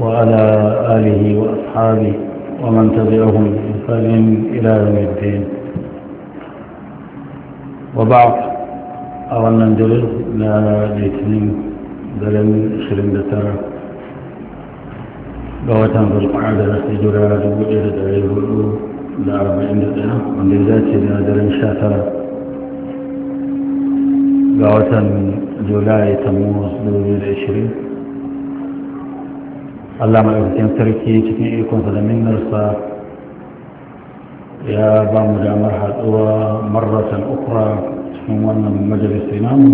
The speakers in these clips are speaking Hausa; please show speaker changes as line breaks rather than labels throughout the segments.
وعلى آله وأصحابه ومن تبعهم بإحسان إلى يوم الدين وبعض أولا ندرس لا ليتنين دلن شرين دترى بواتن ذو القعدة لجرى لبئر دعيه الأولو لأربعين عندنا ومن ذات لدرن شاترى بواتن جولاي تموز دولي العشرين Allah maɗaukakin sarki cikin ikonsa da minnarsa ya ba mu damar haɗuwa marratan ukra cikin wannan majalisa namu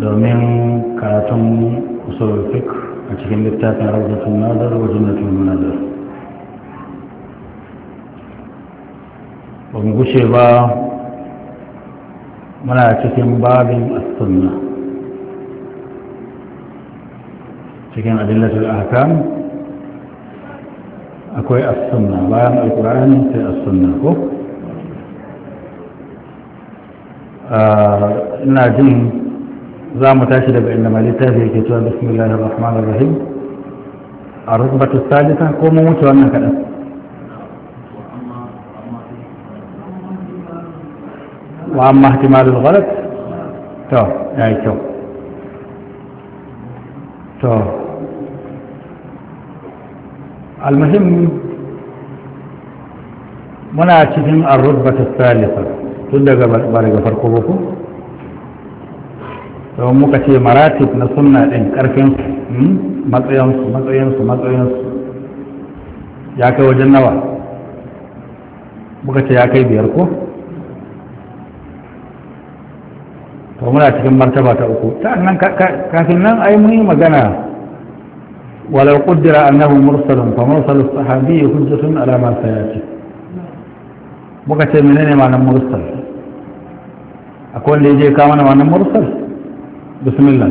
domin karatun usul a cikin littafin rawdatun nazar wa jannatul munazar ba mu gushe ba muna cikin babin as cikin adillatul ahkam akwai as-sunna bayan alqur'ani sai as-sunna ko ina jin za mu tashi daga inda mai littafi yake cewa bismillahir rahmanir rahim ar rukbatu thalitha ko mu wuce wannan kaɗan wa amma ihtimalul ghalat to ya yi kyau to almuhim muna cikin arrubba ta salisa tun daga ba daga farko ba ku don muka ce maratif na suna ɗin ƙarfin matsayinsu matsayinsu matsayinsu ya kai wajen nawa muka ce ya kai biyar ko to muna cikin martaba ta uku ta nan kafin nan ai mun yi magana ولو قدر أنه مرسل فمرسل الصحابي حجة على ما سيأتي بقت منين معنى مرسل أقول لي جي كامل معنى مرسل بسم الله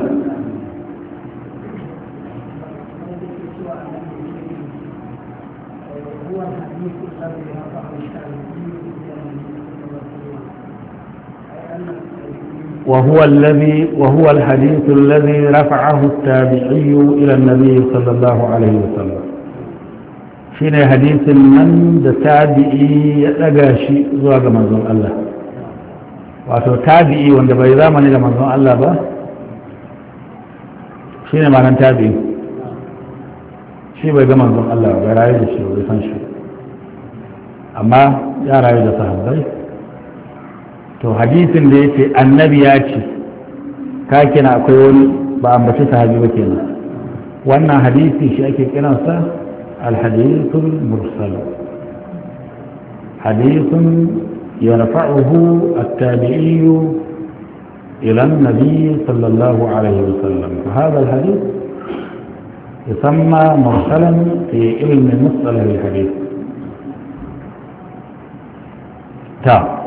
وهو الذي وهو الحديث الذي رفعه التابعي إلى النبي صلى الله عليه وسلم شين حديث من التابعي تابعي يتقاشي زواج منظم الله واتو تابعي وانده بيضامن إلى منظم الله با ما معنى تابعي شي باي منظم الله وغير عيد الشيء وغير فنشي أما يا رايد صاحب بيه to hadisin da yake annabi ya ce ka kina akwai wani ba an bace sahabi ba kenan wannan hadisi shi ake sa alhadithul mursal hadithun yarfa'uhu at-tabi'i ila an-nabi sallallahu alaihi wasallam hadha alhadith يسمى مرسلا في علم مصطلح الحديث
تمام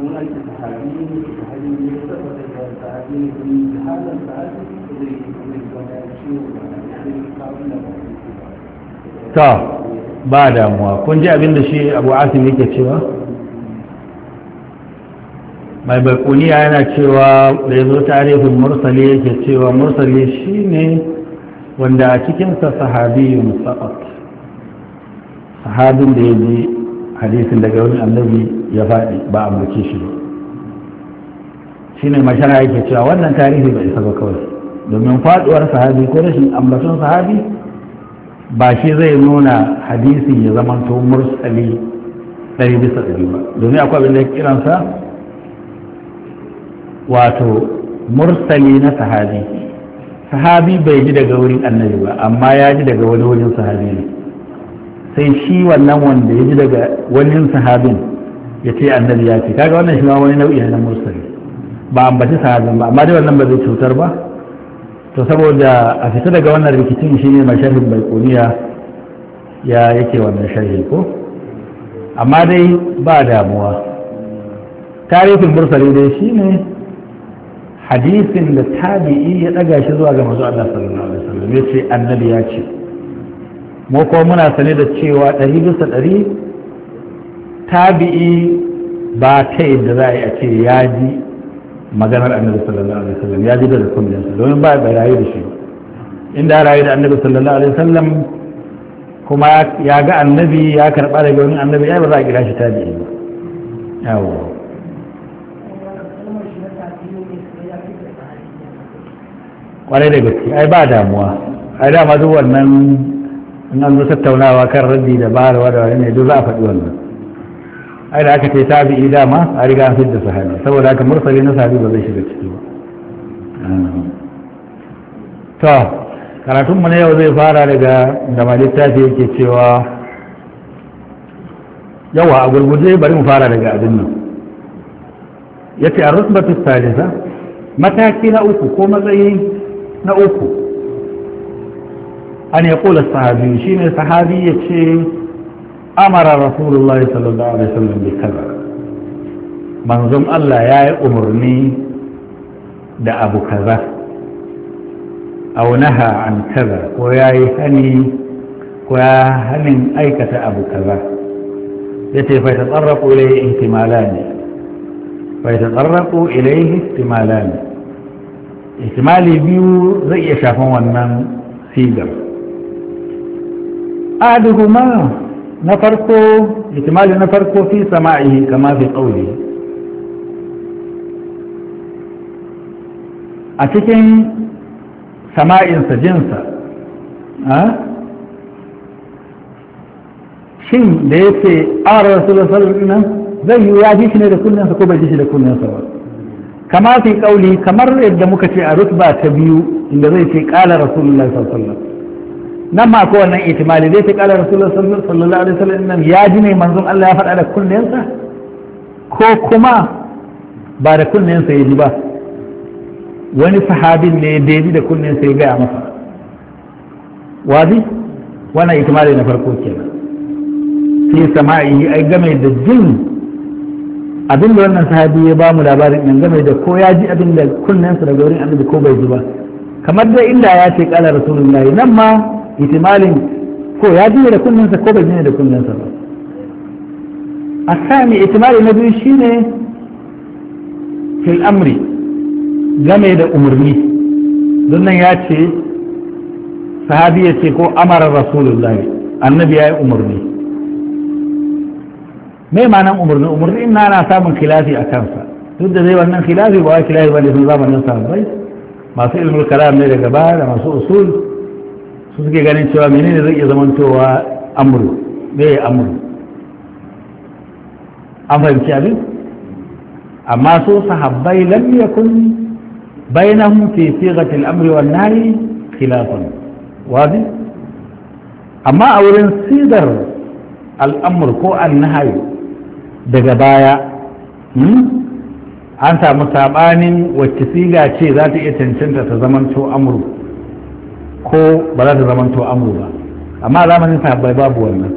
in an ce sahabi ne sahabi ne ya tabbata da sahabi ne kun jihalar sahabi zai zai zama ciwo ba zai kawo da
ba ta ba damuwa kun ji abin da shi abu asim yake cewa mai baikuniya yana cewa da ya zo tarihin mursali yake cewa mursali ne wanda a cikinsa sahabiyun sa'ad sahabin da ya ji hadisin daga wani annabi ya faɗi ba a mulke shi ba shine mashara yake cewa wannan tarihi bai isa ba kawai domin faduwar sahabi ko rashin ambaton sahabi ba shi zai nuna hadisi ya zamanto mursali ɗari bisa ɗari ba domin akwai abin da ya kiransa wato mursali na sahabi sahabi bai ji daga wurin annabi ba amma ya ji daga wani wurin sahabi ne sai shi wannan wanda ya ji daga wani sahabin ya ce annabi ya ce kaga wannan shi ma wani nau'i na mursali ba ambaci sahabin ba amma dai wannan ba zai cutar ba to saboda a fita daga wannan rikicin shi ne bai kuniya ya yake wannan sharhi ko amma dai ba damuwa tarihin mursali dai shi ne hadisin da tabi'i ya daga shi zuwa ga mazu Allah sallallahu alaihi wasallam ya annabi ya ce mu ko muna sane da cewa ɗari bisa ɗari tabi'i ba ta yadda za a yi a ce ya ji maganar annabi sallallahu alaihi wasallam ya ji da kullum domin ba ya rayu da shi inda ya rayu da annabi sallallahu alaihi wasallam kuma ya ga annabi ya karɓa daga wani annabi ya ba za a kira shi tabi'i ba yawo kwarai da gaske ai ba damuwa ai dama duk wannan in an zo tattaunawa kan raddi da bayarwa da wani ne duk za a faɗi wannan ai da aka ce tabi'i dama a riga an fidda sahabi saboda aka mursali na sahabi ba zai shiga ciki ba to karatun mu na yau zai fara daga da ma littafi yake cewa yawa a gurguje bari mu fara daga abin nan ya ce a rusbatu mataki na uku ko matsayi na uku an ya kula sahabi shine sahabi yace ce amara rasulullahi sallallahu alaihi wasallam bi kaza manzon Allah ya yi umarni da abu kaza aunaha an kaza ko ya yi hani ko ya hanin aikata abu kaza ya ce fa tatsarraku ilai ihtimalani fa tatsarraku ilai ne. ihtimali biyu zai iya shafan wannan sigar ma. na farko ihtimali na farko fi sama'ihi kama fi qawli a cikin sama'insa jinsa shin da ya ce a rasulun sallallahu nan zai yi ya ji shi ne da kunnensa ko bai ji shi da kunnensa ba kama fi kauli kamar yadda muka ce a rutba ta biyu inda zai ce kala rasulullah sallallahu nan ma ko wannan itimali zai ta kala rasulullahi sallallahu alaihi wasallam ya ji ne manzon Allah ya faɗa da sa? ko kuma ba da kunnensa ya ji ba wani sahabin ne da ya ji da sa ya gaya masa wazi wannan itimali na farko kenan fi sama'i ai game da jin abin da wannan sahabi ya ba mu labarin nan game da ko ya ji abin da kunnensa daga wurin annabi ko bai ji ba kamar da inda ya ce kala rasulullahi nan ma Itimalin ko ya jiya da kunninsa ko bai jiya da kunninsa ba a sami itimali na biyu shine fil amri game da umarni don nan ya ce sahabi ya ce ko amara rasulullahi annabi ya yi umarni mai ma'anan umarni umarni ina na samun kilafi a kansa duk da zai wannan kilafi ba wai kilafi ba ne sun zamanin sahabbai masu ilmul kalam ne daga baya da masu usul su suke ganin cewa menene zai iya zamantowa amuru ya amuru an fahimci abin amma su sahabbai lam yakun bainahum fi sighati al-amri wan nahi khilafun wadi amma a wurin sigar al'amur ko annahai daga baya hmm, an samu sabanin wacce siga ce za ta iya cancanta ta zamanto Amur? ko ba za ta to amru ba amma zamanin sahabbai babu wannan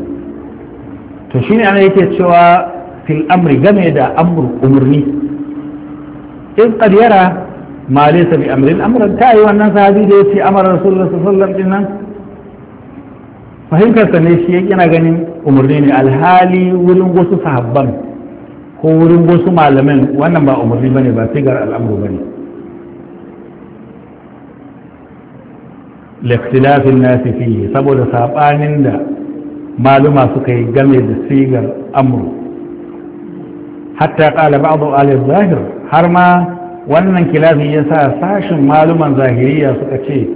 to shine ana yake cewa fil amri game da amru umurni in qad yara ma laysa bi amrin amran ta yi wannan sahabi da yace amara rasulullahi sallallahu alaihi wasallam dinnan fahimtar ne shi yana ganin umurni ne alhali wurin wasu sahabban ko wurin wasu malamin wannan ba umurni bane ba sigar al'amru bane laktilafin nasi fiye saboda saɓanin da maluma suka yi game da sigar amru hatta ƙala ba'adu alif zahir har ma wannan kilafin ya sa sashin maluman zahiriya suka ce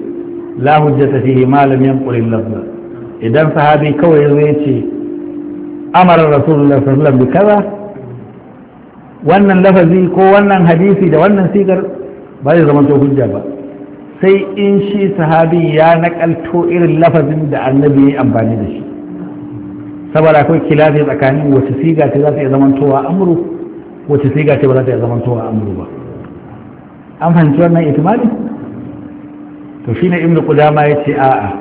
la hujjata fihi malam yanqulil lafza idan sahabi kawai zai ce amara rasulullah sallallahu alaihi kaza wannan lafazi ko wannan hadisi da wannan sigar ba zai zama to hujja ba sai in shi sahabi ya nakalto irin lafazin da annabi ya amfani da shi saboda akwai kilafi tsakanin wace siga ce za ta iya zamantowa amuru wace siga ce ba za ta iya zamantowa amuru ba an fahimci wannan itimali to shi ne ibnu qudama ya ce a'a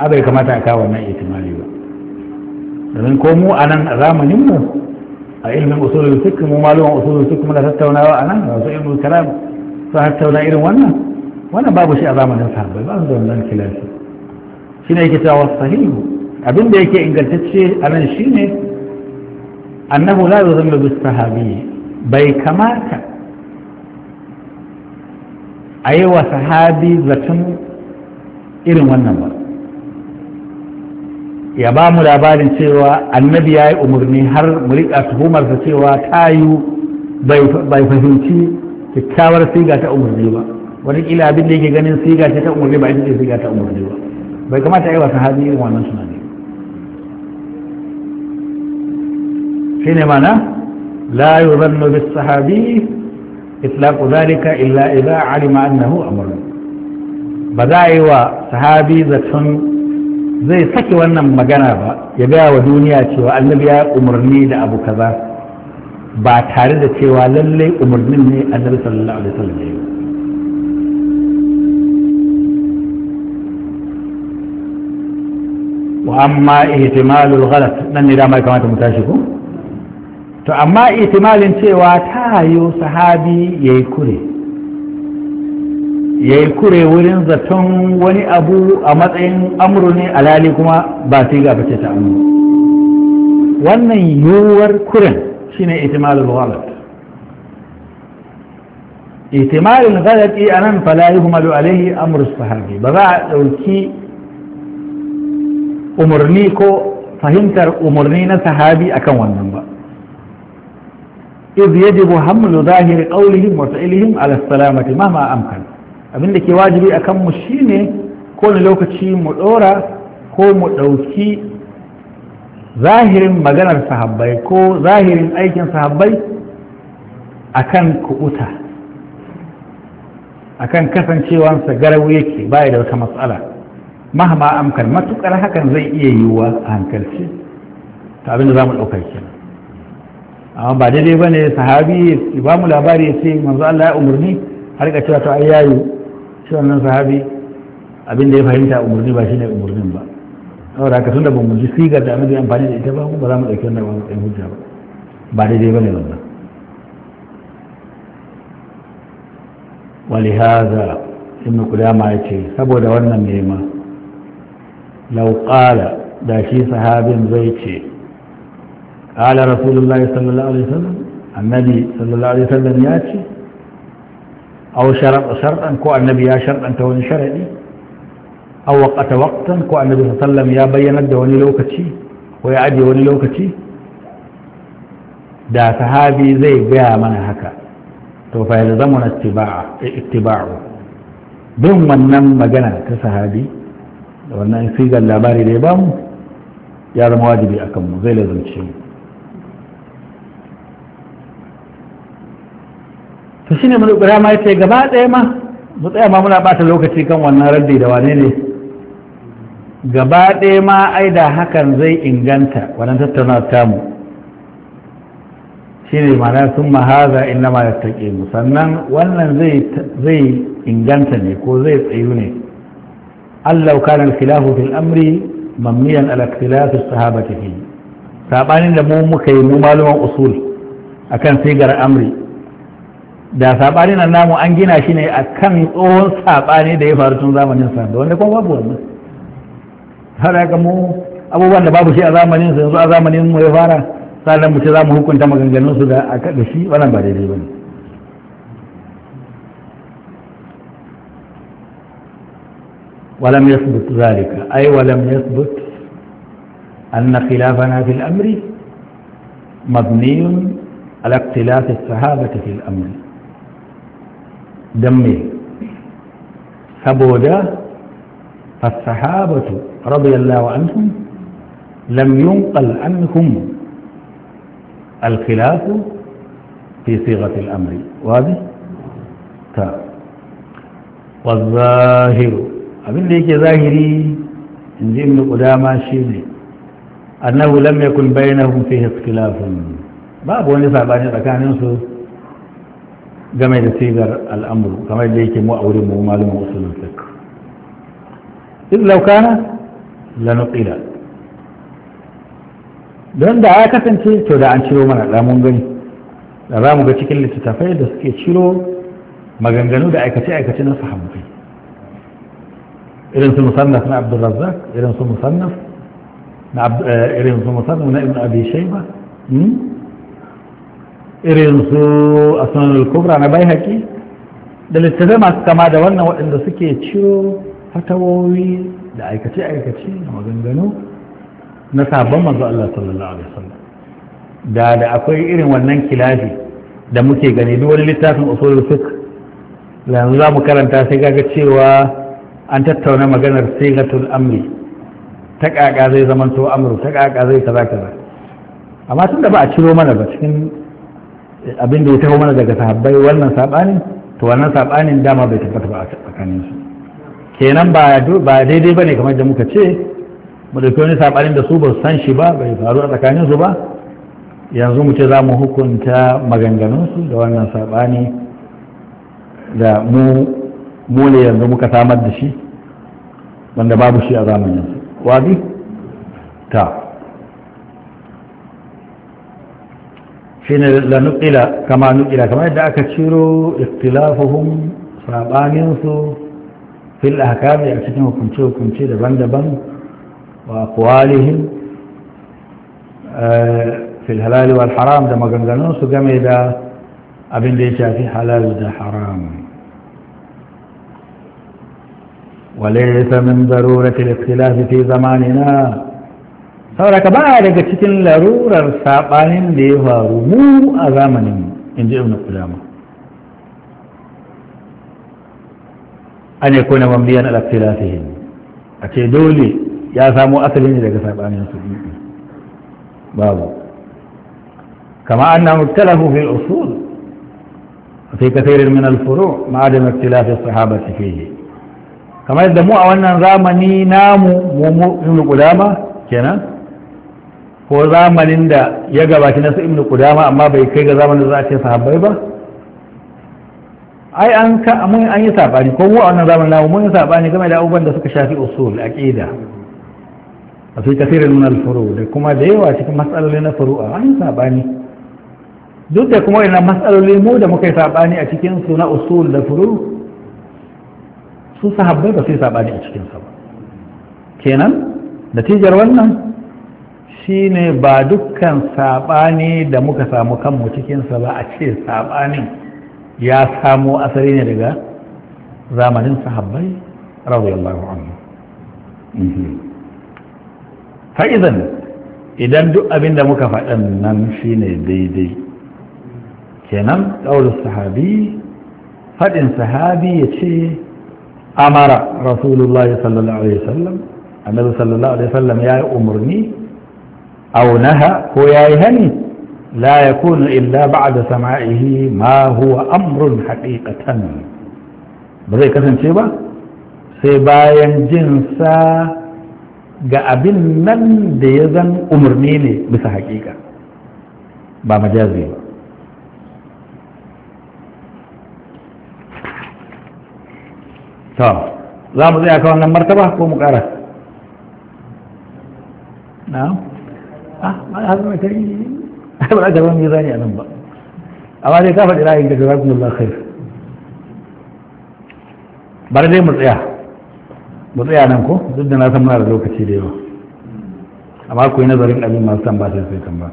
a bai kamata a kawo wannan itimali ba domin ko mu a nan a zamanin mu a ilimin usulul fiqh mu malumin usulul fiqh muna tattaunawa a nan wasu ilmul kalam su tattauna irin wannan wannan babu shi a zamanin sahabbai ba su da wannan kilasi shi ne yake cewa sahihu abin da yake ingantacce a nan shi ne annahu la yuzammu bis sahabi bai kamata a yi wa sahabi zaton irin wannan ba ya ba mu labarin cewa annabi ya yi umarni har mu rika tuhumarsa cewa tayu bai fahimci kyakkyawar siga ta umarni ba Wani wataƙila abin da yake ganin siga ce ta umarni ba ita ce siga ta umarni ba bai kamata a yi wasu hali irin wannan tunani shi ne mana la yi zanno bis sahabi itlaqu zalika illa idza alima annahu amr ba za a yi wa sahabi zaton zai saki wannan magana ba ya gaya wa duniya cewa annabi ya umarni da abu kaza ba tare da cewa lallai umarnin ne annabi sallallahu alaihi wasallam ya yi wa amma ihtimalul ghalat nan ne dama ya kamata mu tashi ko to amma ihtimalin cewa ta hayo sahabi ya yi kure ya yi kure wurin zaton wani abu a matsayin amru ne alali kuma ba su ga bace ta amru wannan yiwuwar kuren shine ihtimalul ghalat ihtimalul ghalat anan fala yuhmalu alaihi amru sahabi ba za a ɗauki. umarni ko fahimtar umarni na sahabi akan wannan ba iz yajibu hamlu zahiri qawlihim wa fi'lihim ala salamati mahma amkan abinda ke wajibi akan mu shine ko lokaci mu dora ko mu ɗauki zahirin maganar sahabbai ko zahirin aikin sahabbai akan A akan kasancewansa garau yake baya da wata matsala mahama amkar matukar hakan zai iya yiwuwa a hankalci ta abin da za mu ɗaukar ke amma ba daidai ba ne sahabi ba mu labari ya ce manzo Allah ya umarni har ka cewa to ai yayu shi wannan sahabi abin da ya fahimta umarni ba shi ne umarnin ba saboda haka da bamu ji sigar da annabi amfani da ita ba ba za mu ɗauki wannan ba mu matsayin hujja ba ba daidai ba ne wannan walihaza ibn kudama ya ce saboda wannan nema lauƙala da shi sahabin zai ce ƙala rasulullahi sallallahu alaihi annabi sallallahu alaihi ya ce au sharɗan ko annabi ya sharɗanta wani sharaɗi au waƙata waƙtan ko annabi sallallahu ya bayyanar da wani lokaci ko ajiye wani lokaci da sahabi zai baya mana haka to fa yalzamuna ittiba'u bin wannan magana ta sahabi da wannan sigar labari da ya bamu ya zama wajibi a kanmu zai lazumce mu ta shi ne mu kura ma yace gaba ɗaya ma mu tsaya ma muna ɓata lokaci kan wannan raddi da wane ne gaba ɗaya ma ai da hakan zai inganta wannan mu tamu shine ma'ana sun mahaza inna ma mu sannan wannan zai inganta ne ko zai tsayu ne Allah lauka na filahu fil amri mamniyan ala ikhtilaf sahaba sahabati fi saɓanin da mu muka yi mu maluman usul akan sigar amri da sabanin nan namu an gina shi ne akan tsohon sabani da ya faru tun zamanin sa da wanda kuma babu wannan har ga mu abubuwan da babu shi a zamanin sa yanzu a zamanin mu ya fara sannan mu ce za mu hukunta maganganun su da shi wannan ba daidai ba ne ولم يثبت ذلك أي ولم يثبت أن خلافنا في الأمر مبني على اختلاف الصحابة في الأمر دمي سبودا فالصحابة رضي الله عنهم لم ينقل عنهم الخلاف في صيغة الأمر واضح؟ طيب. والظاهر abin da yake zahiri in ji ibn qudama shine annahu lam yakun bainahum fihi ikhtilafun babu wani sabani tsakanin su game da sigar al'amuru kamar da yake mu a wurin mu malumin usulun fiqh إذ laukana, كان don da ya kasance to da an ciro mana damun gani da za mu ga cikin littattafai da suke ciro maganganu da aikace-aikace na sahabbai irin su musannaf na abdulrazzak irin su musannaf na ibn abi shayba irin su asnanul kubra na bai haƙi da littattafai masu kama da wannan waɗanda suke ciro fatawowi da aikace-aikace da maganganu na sabon manzo Allah sallallahu alaihi wasallam da da akwai irin wannan kilafi da muke gani duk littafin usulul fiqh yanzu za mu karanta sai kaga cewa an tattauna maganar sigatul amri ta kaka zai zaman zamanto amru ta kaka zai kaza kaza amma tunda ba a ciro mana ba cikin abin da ya taho mana daga sahabbai wannan sabanin to wannan sabanin dama bai tabbata ba a tsakanin su kenan ba ba daidai ba ne kamar da muka ce mu dauki wani sabanin da su ba san shi ba bai faru a tsakanin su ba yanzu mu ce za mu hukunta maganganunsu da wannan sabani da mu mole yanzu muka samar da shi wanda babu shi a zamanin wadi ta shi ne da nukila kama nukila kama yadda aka ciro ikhtilafuhum sabaninsu fil ahkami a cikin hukunce-hukunce daban-daban wa kuwalihim fil halali wal haram da maganganunsu game da abin da ya shafi halal da haram وليس من ضرورة الاختلاف في زماننا سورك بارك تكن لرورة ساقان ديها رمو أزامن إن ابن قدامه أن يكون مبنيا على اختلافهم أكيد دولي يا سامو أصل إن ذاك ساقان بابا كما أنهم اختلفوا في الأصول في كثير من الفروع ما عدم اختلاف الصحابة فيه kamar yadda mu a wannan zamani namu mu ibn qudama kenan ko zamanin da ya gabaci na su ibn qudama amma bai kai ga zamanin da za a ce sahabbai ba ai an ka mun an yi sabani ko mu a wannan zamanin namu mun yi sabani game da abubuwan da suka shafi usul aqida a fi kafirin min al-furu da kuma da yawa cikin matsaloli na furu'a an yi sabani duk da kuma ina matsaloli mu da muka yi sabani a cikin su na usul da furu su sahabbai ba sai saba saɓani a cikinsa ba kenan natijar wannan shine ba dukkan saɓani da muka samu kanmu cikinsa ba a ce saɓanin ya samo asali ne daga zamanin sahabbai radiyallahu anhu mhm. fa'izan idan duk abin da muka faɗan nan shine daidai kenan ƙaunar sahabi faɗin sahabi ya ce amara rasulullah sallallahu alaihi wasallam annabi sallallahu alaihi wasallam ya yi umarni aw naha ko ya yi hani la yakunu illa ba'da sama'ihi ma huwa amrun haqiqatan ba zai kasance ba sai bayan jinsa ga abin nan da ya zan umarni ne bisa haƙiƙa ba majazi ba to za mu zai aka wannan martaba ko mu ƙara na ah ba mai tarihi ba ba mai zani a nan ba amma dai ka da dai mu tsaya nan ko duk da na san muna da lokaci da yawa amma ku yi nazarin abin masu tambata sai tambaya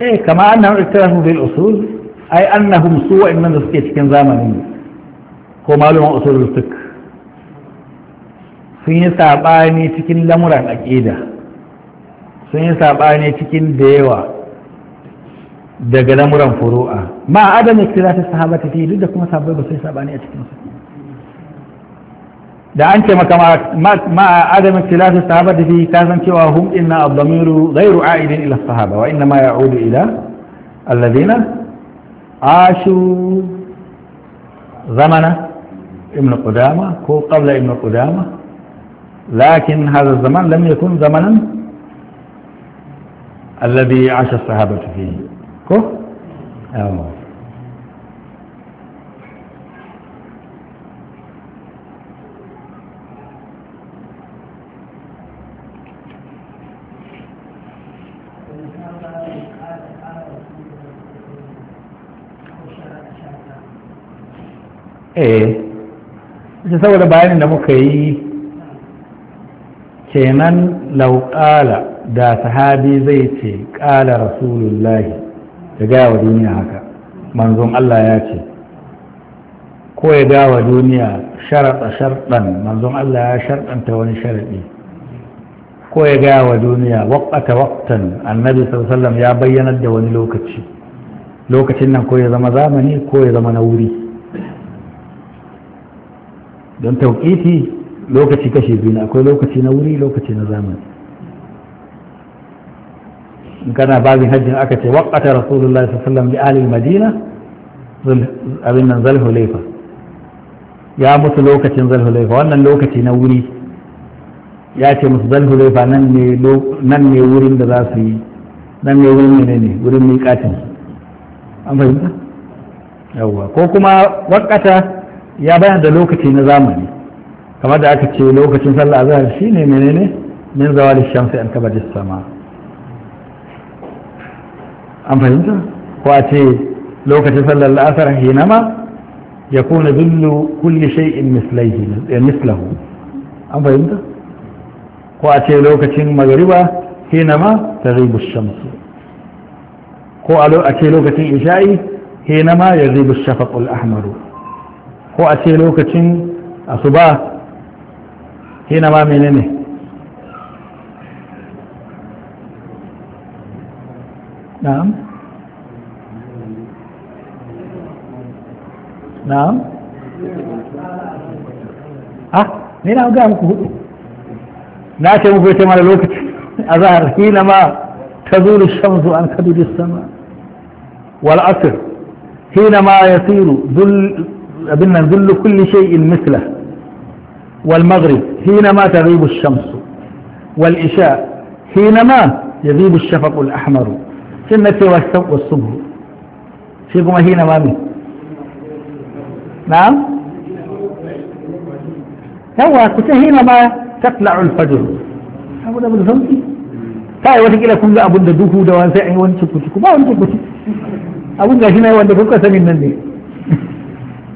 eh kama annahum ikhtalafu bil usul ai annahum su wa'annan da suke cikin zamani ko maluman usulul fiqh sun yi sabani cikin lamuran aqida sun yi sabani cikin da daga lamuran furu'a ma adam ikhtalafi sahabati fi duk da kuma sahabbai ba su yi sabani a cikin su da an ce maka ma adam ikhtilaf sahaba da fi ta san cewa hum inna ad-damiru ghayru a'idin ila sahaba wa inna ma ya'udu ila alladhina ashu zamana ibn qudama ko qabla ibn qudama lakin hadha zaman lam yakun zamanan alladhi 'asha as-sahabatu fihi ko amma eh saboda bayanin da muka yi kenan lauƙala da sahabi zai ce ƙala rasulullahi da gaya wa duniya haka manzon Allah ya ce ko ya gaya wa duniya sharaɗa sharɗan manzon Allah ya sharɗanta wani sharaɗi ko ya gaya wa duniya waƙata waƙtan annabi sallallahu ya bayyanar da wani lokaci lokacin nan ko ya zama zamani ko ya zama na wuri don tauƙiti lokaci kashe biyu na akwai lokaci na wuri lokaci na zamani in kana babin hajjin aka ce waƙata rasulullah sallallahu alaihi wasallam madina abin nan zalhulaifa ya mutu lokacin zalhulaifa wannan lokaci na wuri ya ce musu zalhulaifa nan ne wurin da za su yi nan ne wurin ne ne wurin miƙatin an fahimta yawwa ko kuma waƙata ya bayar da lokaci na zamani kamar da aka ce lokacin sallah azhar shine menene min zawali shamsi an kabaji sama an fahimta ko a ce lokacin sallar la'asar hinama ya kuna zullu kulli shay'in mislahu an fahimta ko a ce lokacin magariba hinama ta ribu shamsu ko a ce lokacin isha'i hinama ya ribu shafaqul ahmaru ko a ce lokacin asuba hina ma ne na'am na'am ah ne na ga muku hudu na ce muku ce mara lokaci a zahar hina ma ta zuru shamsu an kadu sama wal asir hina ma ya نقول له كل شيء مثله والمغرب حينما تغيب الشمس والإشاء حينما يغيب الشفق الأحمر سنة والصبح فيكم حينما من نعم هو كنت حينما تطلع الفجر أبو دابد فهمتي kawai watakila kun ga abin da duhu da wani sai an yi wani cikuciku ba wani cikuciku abin na wanda kuka sanin nan ne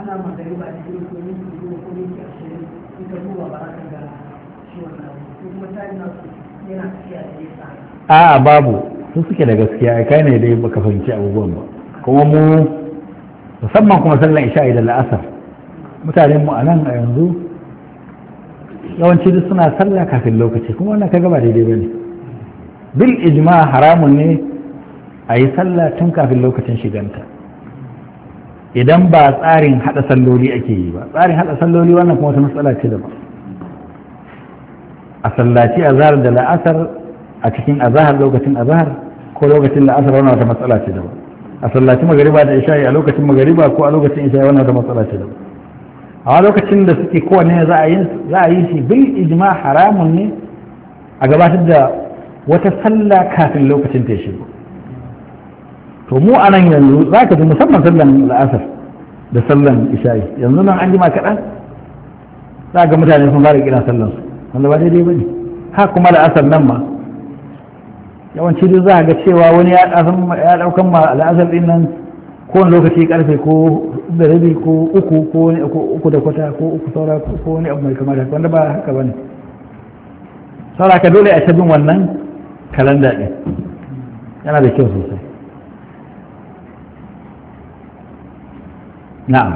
ana magana ba cikin komai su zuwa komai ke ashirin in ka duba ba za ka ga shi wannan ko kuma tayin nasu yana tafiya da yasa
a'a babu su suke da gaskiya kai ne dai baka fahimci abubuwan ba kuma mu musamman kuma sallan isha'i da la'asar mutanen mu a nan a yanzu yawanci duk suna sallah kafin lokaci kuma wannan kaga gaba daidai bane bil ijma haramun ne a yi sallah tun kafin lokacin shiganta idan ba tsarin hada salloli ake yi ba tsarin hada salloli wannan kuma wata matsala ce da ba a sallaci azhar da la'asar a cikin azhar lokacin azhar ko lokacin la'asar wannan wata matsala ce da ba a sallaci magariba da isha'i a lokacin magariba ko a lokacin isha'i wannan wata matsala ce da ba a lokacin da suke kowanne za a yi shi bil ijma haramun ne a gabatar da wata sallah kafin lokacin ta shigo to mu a nan yanzu za ka ji musamman sallan la'asar da sallan isha'i yanzu nan an jima kaɗan za ga mutane sun fara kira sallan su wanda ba daidai ba ne ha kuma la'asar nan ma yawanci dai za ga cewa wani ya ɗaukan ma la'asar ɗin nan ko Wani lokaci karfe ko da rabi ko uku ko uku da kwata ko uku saura ko wani abu mai kama haka wanda ba haka ba ne saura ka dole a ta bin wannan kalanda ɗin yana da kyau sosai na'am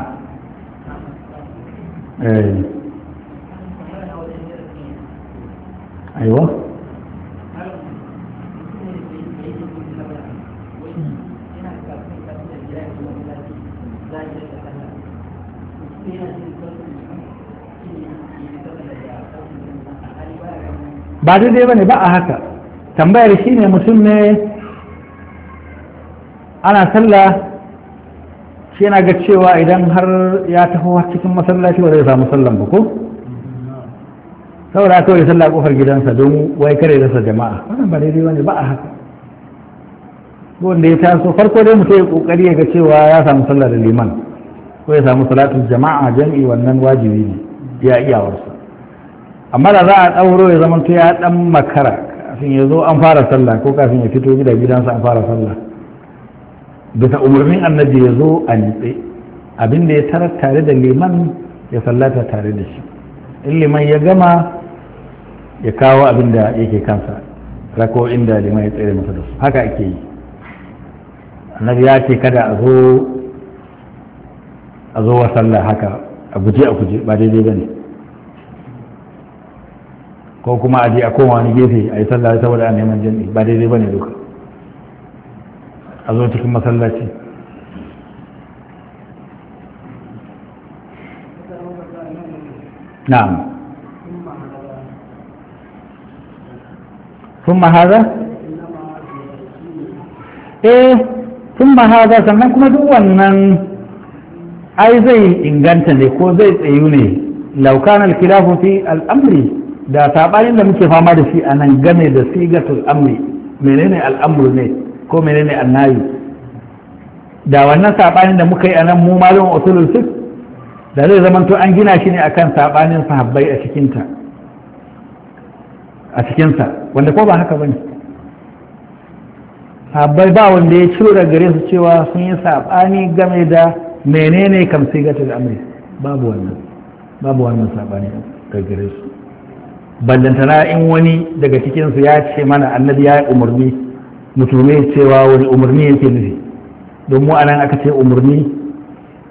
eh. aiwa ba da ba bane ba a haka tambayar shine mutum ne ana sallah shi yana ga cewa idan har ya taho cikin masallaci wanda ya samu sallan ba ko saboda aka wani sallah kofar gidansa don wai kare rasa jama'a wannan ba daidai bane ba a haka wanda ya taso farko dai mutum ya kokari ya ga cewa ya samu sallah da liman ko ya samu salatul jama'a jam'i wannan wajibi ne ya iyawarsa amma da za a ɗauro ya zama ya ɗan makara kafin ya zo an fara sallah ko kafin ya fito gida gidansa an fara sallah bisa umarnin annabi ya zo a nitse abinda ya tarar tare da liman ya sallata tare da shi in liman ya gama ya kawo abinda yake kansa rako inda liman ya tsere masa da su haka ake yi annabi ya ce kada a zo a zo wa sallah haka a guje a guje ba daidai ba ne ko kuma a je a koma wani gefe a yi sallah saboda a neman jami'i ba daidai ba ne duka a zo cikin masallaci na'am ثم haza? eh sun haza sannan kuma duk wannan ai zai inganta ne ko zai tsayu ne laukan alkilafu fi al'amri da saɓanin da muke fama da shi a nan game da sigatul amri menene al'amru ne ko menene annayi da wannan sabanin da muka yi a nan mu malum usulul fiqh da zai to an gina shi ne akan sabanin sahabbai a ta a cikinsa wanda ko ba haka bane sahabbai ba wanda ya ciro da gare su cewa sun yi sabani game da menene kam sai gata tada amai babu wannan babu wannan sabani da gare su ballantana in wani daga cikin su ya ce mana annabi ya yi umarni mutume cewa wani umarni yake nufi don mu anan aka ce umarni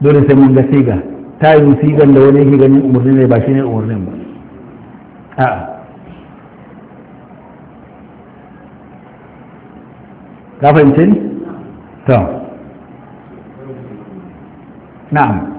dole sai mun ga siga ta yi sigan da wani yake ganin umarni ne ba shi ne umarnin ba a'a ka fahimci ni to na'am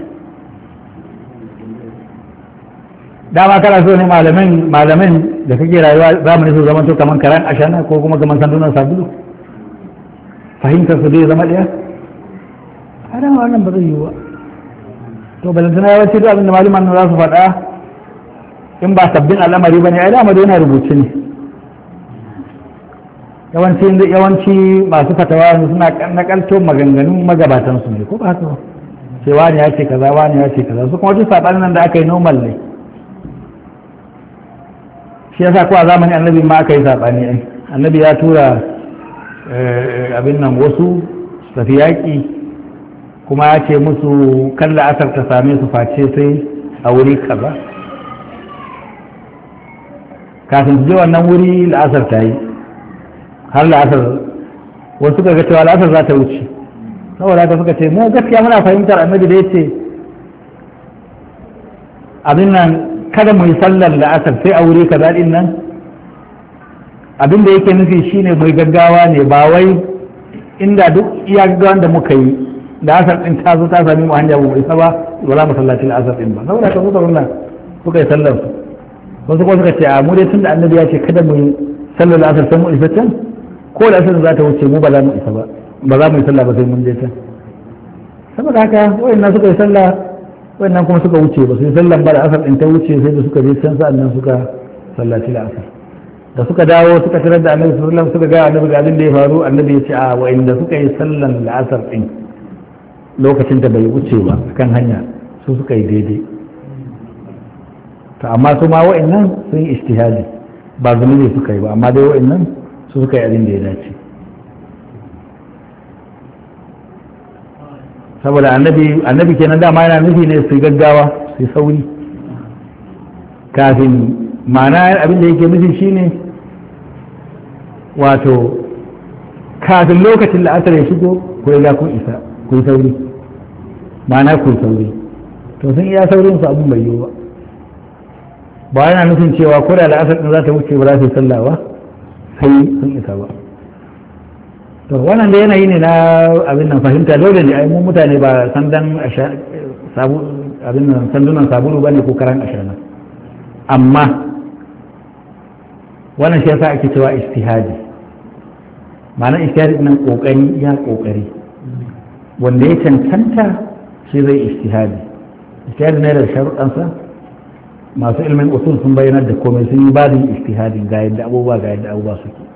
dama kana so ne malamin malamin da kake rayuwa zamani su to kaman karan ashana ko kuma kaman sanduna sabulu fahimtar su dai zama ɗaya a wannan ba zai yiwu ba to balantana yawanci duk abin da malaman nan za su faɗa in ba sabbin al'amari ba ne ai dama dai yana rubuce ne yawanci yawanci masu fatawa suna nakalto maganganun su ne ko ba haka ba ce wani ya ce kaza wani ya ce kaza su kuma duk sabanin nan da aka yi normal ne shi yasa ko a zamanin annabi ma aka yi saɓani ai annabi ya tura eh, abin nan wasu su tafi yaƙi kuma ya ce musu kan la'asar ta same su face sai a wuri kaza kafin su je wannan wuri la'asar ta yi har la'asar wasu ga cewa la'asar za ta wuce saboda haka suka ce mu gaskiya muna fahimtar annabi da ya ce abin nan kada mu yi sallar la'asar sai a wuri kaza din nan abin da yake nufi shine mai gaggawa ne ba wai inda duk iya gaggawa da muka yi da asar din ta zo ta sami mu hanya mu isa ba ba za mu sallaci asar din ba saboda ka zo da wannan kuka yi sallar su wasu kuma suka ce a mu dai tunda annabi ya ce kada mu yi sallar asar sai mu isa can ko asar za ta wuce mu ba za mu isa ba ba za mu yi sallah ba sai mun je can saboda haka wayannan suka yi sallah wannan kuma suka wuce ba yi sallan ba da asar ɗin ta wuce sai da suka je can sa'an nan suka sallaci da asar da suka dawo suka tarar da annabi sallallahu alaihi suka ga annabi ga abin da ya faru annabi ya ce a ah, wa'inda suka yi sallan la'asar ɗin lokacin da bai wuce ba kan hanya su suka yi daidai to amma su ma wa'annan sun yi istihali ba zunubi suka yi ba amma dai wa'annan su suka yi abin da ya dace saboda annabi annabi kenan dama yana nufi ne su gaggawa su sauri kafin ma'ana abin da yake nufi shine wato kafin lokacin la'asar ya shigo ko ya kun isa ku yi sauri ma'ana ku sauri to sun iya saurin su abin bai yiwu ba ba yana nufin cewa ko da la'asar din za ta wuce ba za su yi sallah ba sai sun isa ba to wannan da yanayi ne na abin nan fahimta dole ne mu mutane ba sandan abin nan sandunan sabulu ba ne ko karan ashana amma wannan shi yasa ake cewa istihadi ma'ana istihadi nan kokari ya kokari wanda ya cancanta shi zai istihadi istihadi ne da sharuɗansa masu ilmin usul sun bayyana da komai sun yi babin istihadi ga yadda abubuwa ga yadda abubuwa suke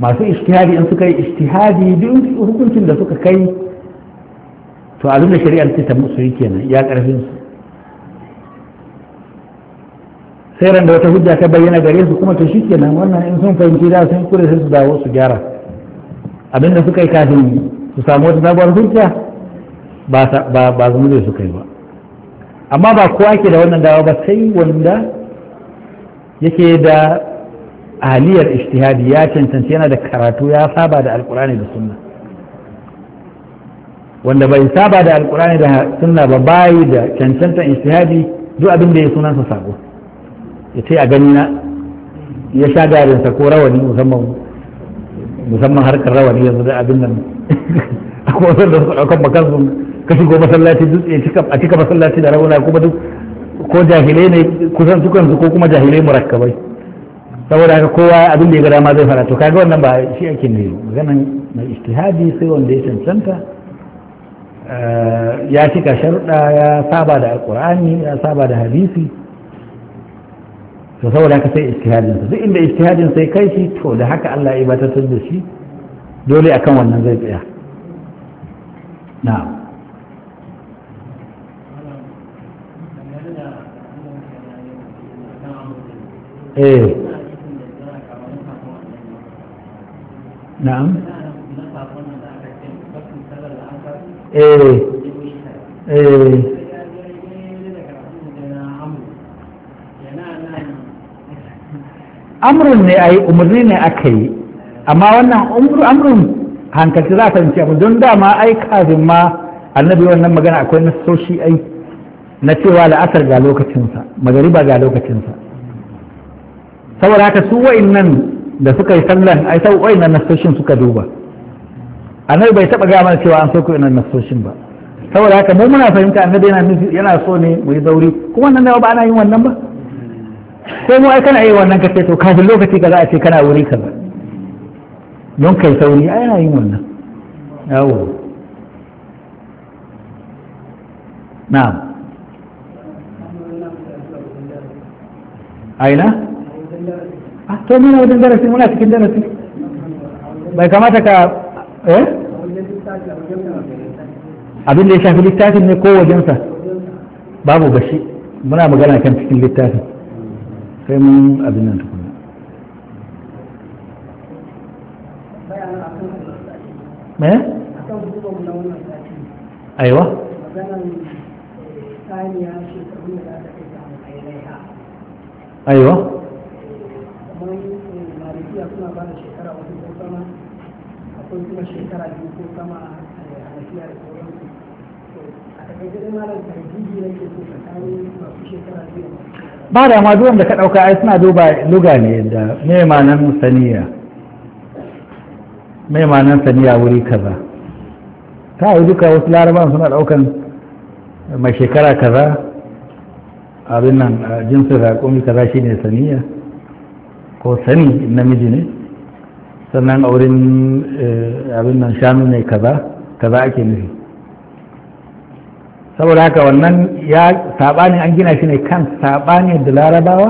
masu istihadi in suka yi istihadi duk hukuncin da suka kai to abin da ta ce ta musu yi kenan ya karfin su sai ran da wata hujja ta bayyana gare su kuma to shi kenan wannan in sun fahimci da sun kure sai su dawo su gyara abin da suka yi kafin su samu wata sabuwar hujja ba zama zai su kai ba amma ba kowa ke da wannan dawa ba sai wanda yake da aliyar ishtihadi ya cancanci yana da karatu ya saba da alkurani da sunna wanda bai saba da alkurani da sunna ba bayi da cancantar ishtihadi duk abin da ya sunansa sabo ya ce a gani na ya sha garinsa ko rawani musamman musamman harkar rawani yanzu da abin nan akwai wasan da suka ɗaukan bakan su ka shigo masallaci dutse a cika masallaci da rauna kuma duk ko jahilai ne kusan sukan su ko kuma jahilai murakkabai saboda haka kowa abin da ya ga dama zai fara to kaga wannan ba shi ake ne maganan mai istihadi sai wanda ya cancanta eh, ya cika sharuɗa ya saba da alƙur'ani ya saba da hadisi to saboda haka sai ijtihadin sa duk inda ijtihadin sai kai shi to da haka Allah ya batar da shi dole akan wannan zai tsaya na'am eh نعم ايه ايه amrun ne ayi umarni ne aka yi amma wannan amrun hankali za ta ce don dama ai kafin ma annabi wannan magana akwai na soshi ai na cewa la'asar ga lokacinsa magariba ga lokacinsa saboda haka su wa'in nan da suka yi sallan ai ta na nasoshin suka duba annabi bai taba gama mana cewa an sauko ina nasoshin ba saboda haka mu muna fahimta annabi yana nufi yana so ne mu yi zauri kuma nan da ba ana yin wannan ba ko mu ai kana yi wannan ka ce to kafin lokaci kaza a ce kana wuri kaza don kai sauri ai yana yin wannan yawo na'am aina to na wajen darasi muna cikin darasi bai kamata ka eh abin da ya shafi littafin ne ko wajensa babu gashi muna magana kan cikin littafin sai mun abin nan tukuna me aiwa aiwa
suna ba da shekara uku ko sama akwai kuma shekara biyu ko sama eh, a hanafiya da sauransu a takaice dai malam tarbiyyar yake so tsakanin masu shekara biyu masu
shekara ba da ma duwan da ka dauka ai suna duba luga ne da mai manan saniya mai manan saniya wuri kaza ta yi duka wasu laraban suna daukan mai shekara kaza abin nan jinsu da raƙumi kaza shine saniya ko sani namiji ne sannan a wurin eh, abin nan shanu ne kaza kaza ake nufi saboda haka wannan ya saɓani an gina shi ne kan saɓani da larabawa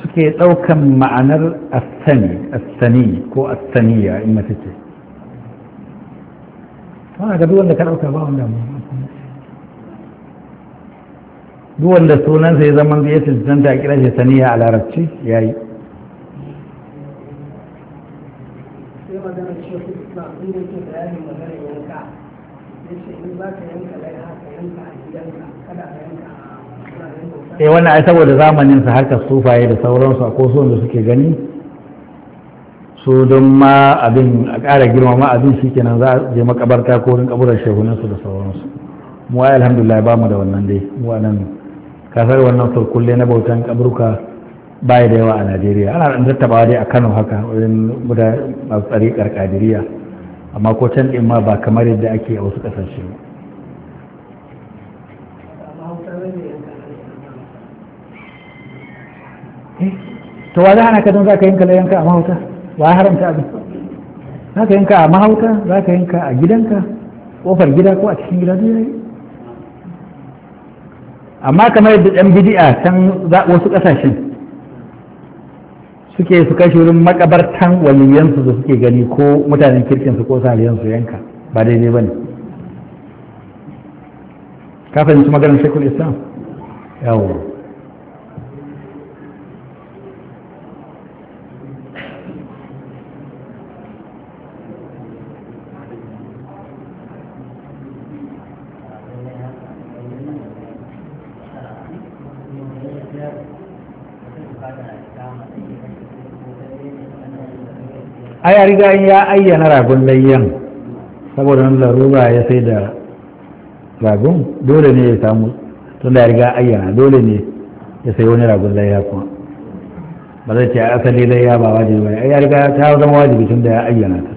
suke ɗaukan ma'anar asani sani ko asaniya in mace ce wanda ka ɗauka ba wanda mu duk wanda sunansa ya zama ya cancanta a kira shi saniya a larabci ya yi eh wannan ai saboda zamanin sa harkar sufaye da sauransu a kosuwan da suke gani su don ma abin a ƙara girma ma abin shi kenan za a je makabarta ko wurin kaburar shehunansu da sauransu mu ai alhamdulillah ba mu da wannan dai mu nan kasar wannan surkulle na bautan kaburka baya da yawa a najeriya ana da tattabawa dai a kano haka wajen masu tsari karkadiriya amma ko can ɗin ma ba kamar yadda ake a wasu kasashe ba eh, to wa za ka don za ka yanka a mahauta wa haramta abin za ka yanka a mahauta za ka yanka a gidanka kofar gida ko a cikin gida duk amma kamar yadda ɗan bidi'a can wasu ƙasashen suke su kai wurin makabartan waliyansu da suke gani ko mutanen kirkin su ko saliyansu yanka ba daidai ba ne ka fahimci maganar shekul islam yawo ai ya riga ya ayyana ragon layyan saboda nan larura ya sai da ragon dole ne ya samu tun da ya riga ayyana dole ne ya sai wani ragon layya kuma ba zai ce asali layya ba wajibi ba ai ya riga ta zama wajibi tun da ya ayyana ta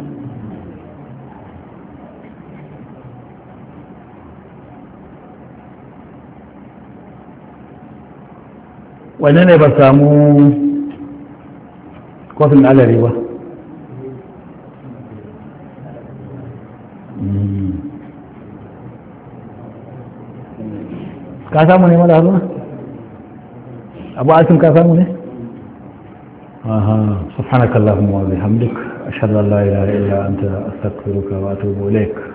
wanne ne ba samu kofin alari ba ka samu ne mala haruna abu asim ka samu ne aha subhanakallahumma wa bihamdik ashhadu an la ilaha illa anta astaghfiruka wa atubu ilaik